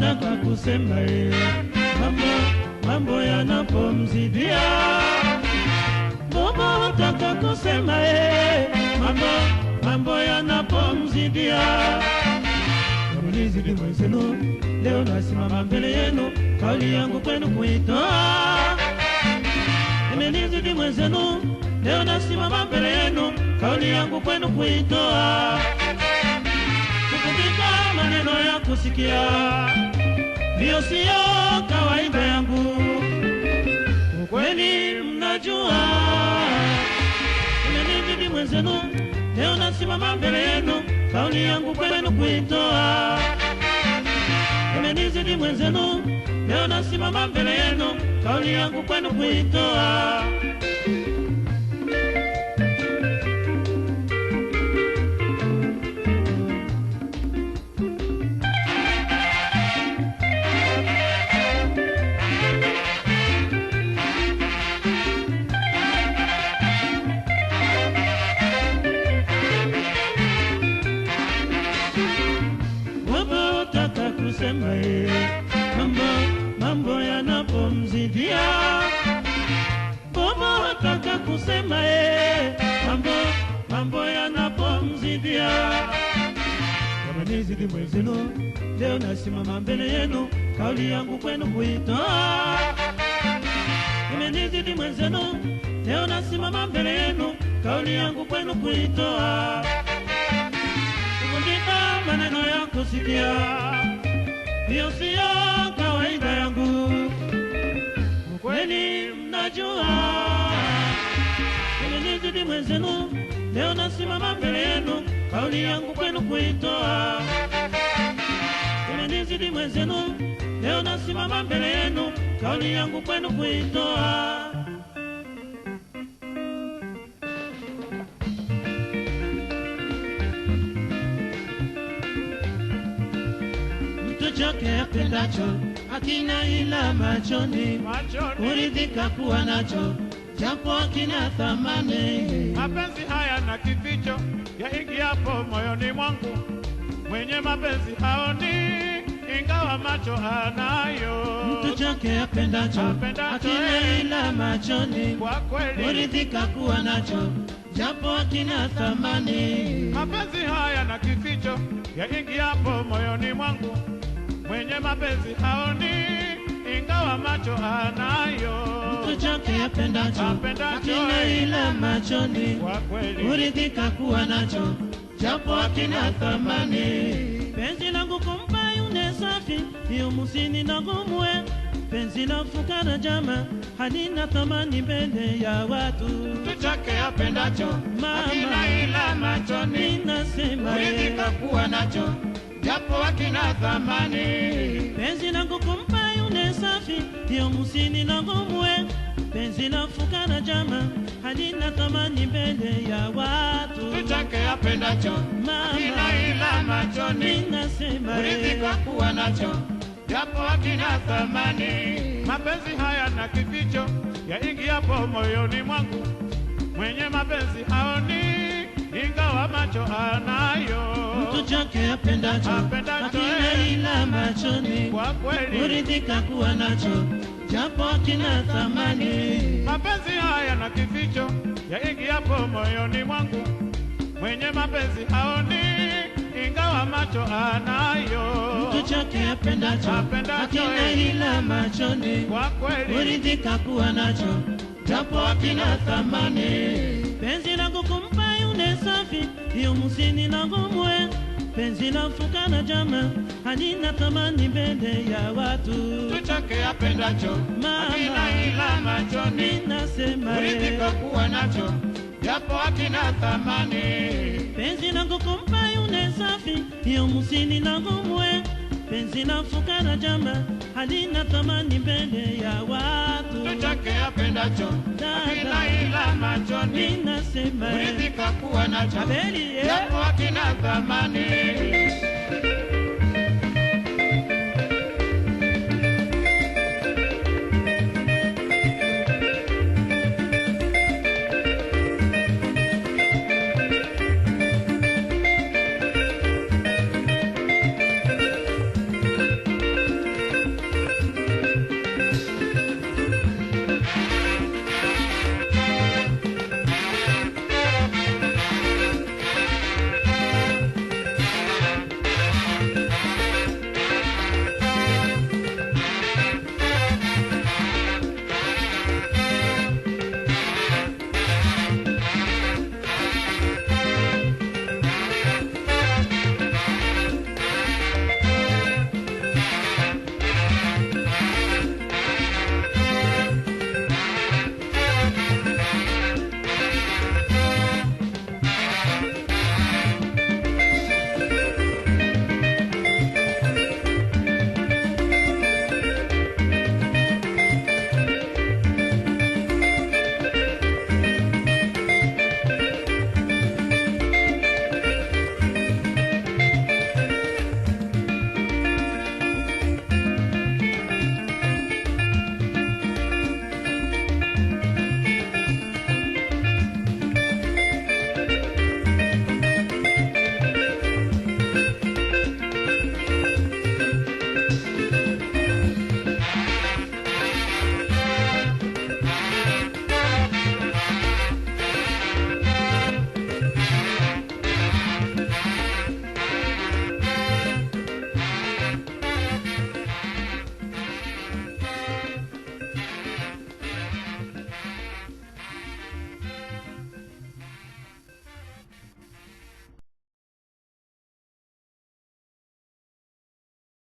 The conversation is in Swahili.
nataka kusema eh, mambo, mambo yanapomzidia Bobo nataka kusema eh, mambo, mambo yanapomzidia mlizidi mwenzenu, leo nasimama mbele yenu, kauli yangu kwenu kuitoa. Imenizidi mwenzenu, leo nasimama mbele yenu, kauli yangu kwenu kuitoa kusikia, hiyo siyo kawaida yangu. kweni mnajua, ni bibi mwenzenu, leo nasimama mbele yenu, kauli yangu kwenu kuitoa. Imenizidi mwenzenu, leo nasimama mbele yenu, kauli yangu kwenu kuitoa. hivi mwezenu, leo nasimama mbele yenu, kauli yangu kwenu kuito imenizidi mwenzenu, leo nasimama mbele yenu, kauli yangu kwenu kuitoa. Kuvundika maneno ya kusikia, hiyo siyo kawaida yangu, ukweli mnajua. Imenizidi mwenzenu, leo nasimama mbele yenu kauli yangu kwenu kuitoa. Nimezidi mwenzenu, leo nasimama mbele yenu, kauli yangu kwenu kuitoa. Mtu choke apendacho hakina ila machoni, kuridhika kuwa nacho japo kina thamani. Mapenzi haya na kificho yaingiapo moyoni mwangu, mwenye mapenzi haoni ingawa macho anayo. Mtu chake apendacho, apendacho ila machoni, kwa kweli uridhika kuwa nacho japo kina thamani. Mapenzi haya na kificho yaingiapo moyoni mwangu, mwenye mapenzi haoni, ingawa macho anayo hicho kiapendacho, kile eh. ile machoni kuwa nacho, japo akina thamani. Penzi langu kumpa yune safi, hiyo musini na gumwe, penzi la fukara jama halina thamani mbele ya watu. ila machoni, ninasema kuwa nacho japo thamani. Penzi langu kumpa safi, hiyo musini na gumwe zinafukana jama chama halina thamani mbele ya watu, tutake apendacho mama ila machoni, ninasema kuridhika kuwa nacho japo akina thamani. Mapenzi haya na kificho yaingiapo moyoni mwangu, mwenye mapenzi haoni ingawa macho anayo. Mtu chake apendacho, akina ila machoni, kwa kweli kuridhika kuwa nacho japo kina thamani. Mapenzi haya na kificho yaingiapo moyoni mwangu, mwenye mapenzi haoni, ingawa macho anayo. Mtu chake apendacho, apendacho akina hila machoni, kwa kweli uridhika kuwa nacho japo akina thamani. Penzi langu kumpa yule safi, iyo musini langu mwe penzi la mfuka na jama halina thamani mbele ya watu. Tuchake apendacho hakina ila machoni, ninasema kuwa nacho japo akina thamani. Penzi langu kumpa yule safi, hiyo musini na mwe penzi la mfuka na jama halina thamani mbele ya watu upendacho akina ila machoni uridhika kuwa nacho eh? japo akina thamani